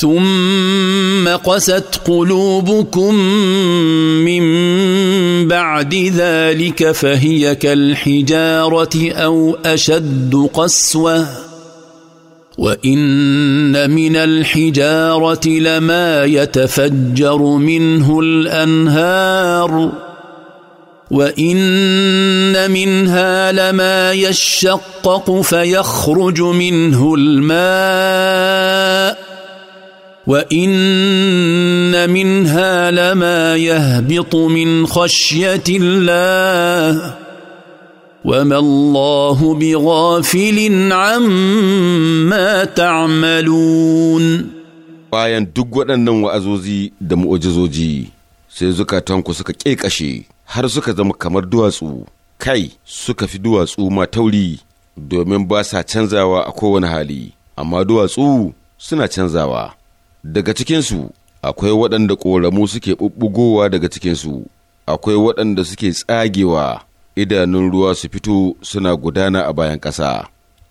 ثم قست قلوبكم من بعد ذلك فهي كالحجاره او اشد قسوه وان من الحجاره لما يتفجر منه الانهار وان منها لما يشقق فيخرج منه الماء وان منها لما يهبط من خشيه الله وما الله بغافل عما تعملون bayan duk waɗannan wa'azozi da mu'ujizoji sai zukatanku suka ƙeƙashe har suka zama kamar duwatsu kai suka fi duwatsu ma tauri domin ba sa canzawa a kowane hali amma duwatsu suna canzawa daga cikinsu akwai waɗanda ƙoramu suke ɓuɓɓugowa daga cikinsu akwai waɗanda suke tsagewa idanun ruwa su fito suna gudana a bayan ƙasa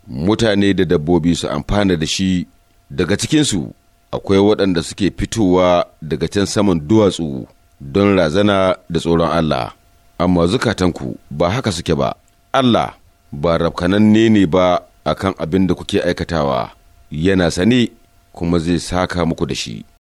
mutane da dabbobi su amfana da shi daga cikinsu akwai waɗanda suke fitowa daga can saman duwatsu don razana da tsoron Allah amma zukatanku ba haka suke ba Allah ba rafkananne ne ba akan abin da kuke aikatawa yana sani kuma zai saka muku da shi